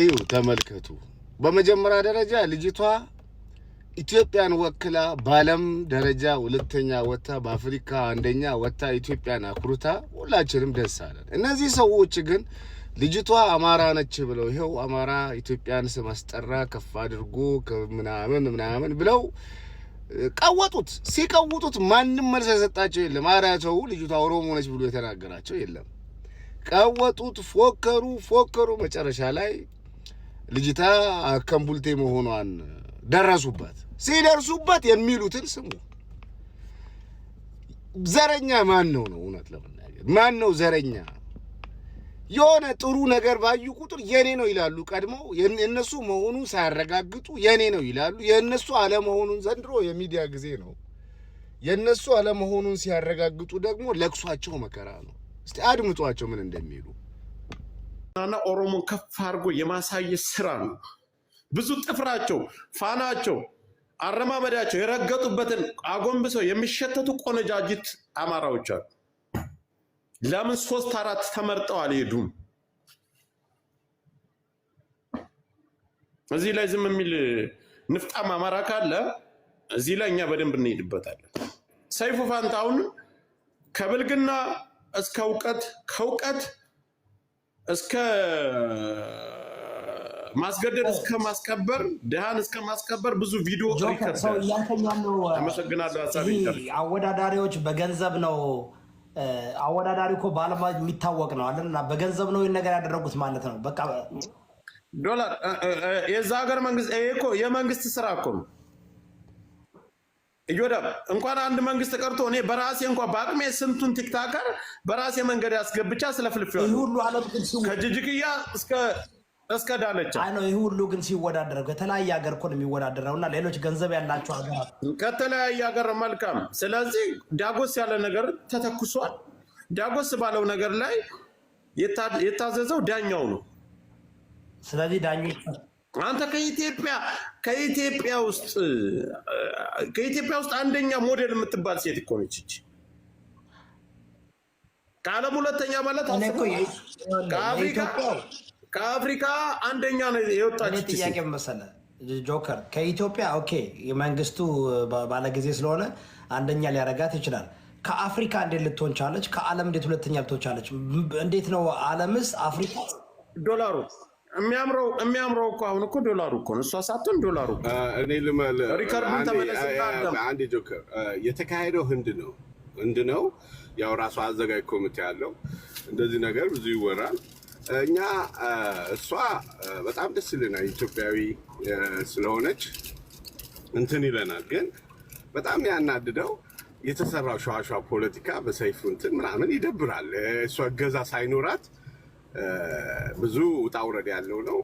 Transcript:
እዩ ተመልከቱ። በመጀመሪያ ደረጃ ልጅቷ ኢትዮጵያን ወክላ በዓለም ደረጃ ሁለተኛ ወታ በአፍሪካ አንደኛ ወታ ኢትዮጵያን አኩርታ ሁላችንም ደስ አለን። እነዚህ ሰዎች ግን ልጅቷ አማራ ነች ብለው ይኸው አማራ ኢትዮጵያን ስም አስጠራ ከፍ አድርጎ ምናምን ምናምን ብለው ቀወጡት። ሲቀውጡት ማንም መልስ የሰጣቸው የለም። አራቸው ልጅቷ ኦሮሞ ነች ብሎ የተናገራቸው የለም። ቀወጡት፣ ፎከሩ ፎከሩ መጨረሻ ላይ ልጅታ አከምቡልቴ መሆኗን ደረሱበት። ሲደርሱበት የሚሉትን ስሙ። ዘረኛ ማን ነው ነው? እውነት ለመናገር ማን ነው ዘረኛ? የሆነ ጥሩ ነገር ባዩ ቁጥር የኔ ነው ይላሉ። ቀድሞ የእነሱ መሆኑን ሳያረጋግጡ የኔ ነው ይላሉ። የእነሱ አለመሆኑን ዘንድሮ የሚዲያ ጊዜ ነው። የእነሱ አለመሆኑን ሲያረጋግጡ ደግሞ ለቅሷቸው መከራ ነው። እስቲ አድምጧቸው ምን እንደሚሉ ና ኦሮሞን ከፍ አድርጎ የማሳየት ስራ ነው። ብዙ ጥፍራቸው፣ ፋናቸው፣ አረማመዳቸው የረገጡበትን አጎንብሰው የሚሸተቱ ቆነጃጅት አማራዎች አሉ። ለምን ሶስት አራት ተመርጠው አልሄዱም? እዚህ ላይ ዝም የሚል ንፍጣም አማራ ካለ እዚህ ላይ እኛ በደንብ እንሄድበታለን። ሰይፉ ፋንታውን ከብልግና እስከ እውቀት ከእውቀት እስከ ማስገደድ እስከ ማስከበር ድሃን እስከ ማስከበር ብዙ ቪዲዮ አመሰግናለሁ። አወዳዳሪዎች በገንዘብ ነው። አወዳዳሪ እኮ በዓለም የሚታወቅ ነው አለና በገንዘብ ነው ነገር ያደረጉት ማለት ነው። በቃ ዶላር የዛ ሀገር መንግስት፣ ይሄ እኮ የመንግስት ስራ እኮ ነው። እዮዳብ እንኳን አንድ መንግስት ቀርቶ እኔ በራሴ እንኳን በአቅሜ ስንቱን ቲክታከር በራሴ መንገድ ያስገብቻ ስለፍልፍ ግን ስለፍልፌዋለሁ። ከጅጅግያ እስከ እስከ ዳለቻ አይ ይህ ሁሉ ግን ሲወዳደር ከተለያየ ሀገር እኮ ነው የሚወዳደረው እና ሌሎች ገንዘብ ያላቸው ሀገራት ከተለያየ ሀገር መልካም። ስለዚህ ዳጎስ ያለ ነገር ተተኩሷል። ዳጎስ ባለው ነገር ላይ የታዘዘው ዳኛው ነው። ስለዚህ ዳኞች አንተ ከኢትዮጵያ ከኢትዮጵያ ውስጥ ከኢትዮጵያ ውስጥ አንደኛ ሞዴል የምትባል ሴት እኮ ነች እቺ። ከዓለም ሁለተኛ ማለት ከአፍሪካ ከአፍሪካ አንደኛ የወጣች ጥያቄ መሰለህ ጆከር። ከኢትዮጵያ ኦኬ፣ መንግስቱ ባለጊዜ ስለሆነ አንደኛ ሊያረጋት ይችላል። ከአፍሪካ እንዴት ልትሆን ቻለች? ከዓለም እንዴት ሁለተኛ ልትሆን ቻለች? እንዴት ነው ዓለምስ አፍሪካ ዶላሩ የሚያምረው የሚያምረው እኮ አሁን እኮ ዶላሩ እኮ ነው። እሷ ሳትሆን ዶላሩ እኔ ልመል ሪከርዱን አንድ ጆከር የተካሄደው ህንድ ነው ህንድ ነው። ያው ራሱ አዘጋጅ ኮሚቴ ያለው እንደዚህ ነገር ብዙ ይወራል። እኛ እሷ በጣም ደስ ይለናል ኢትዮጵያዊ ስለሆነች እንትን ይለናል። ግን በጣም ያናድደው የተሰራው ሸዋሸዋ ፖለቲካ በሰይፉ እንትን ምናምን ይደብራል። እሷ እገዛ ሳይኖራት ብዙ ውጣ ውረድ ያለው ነው።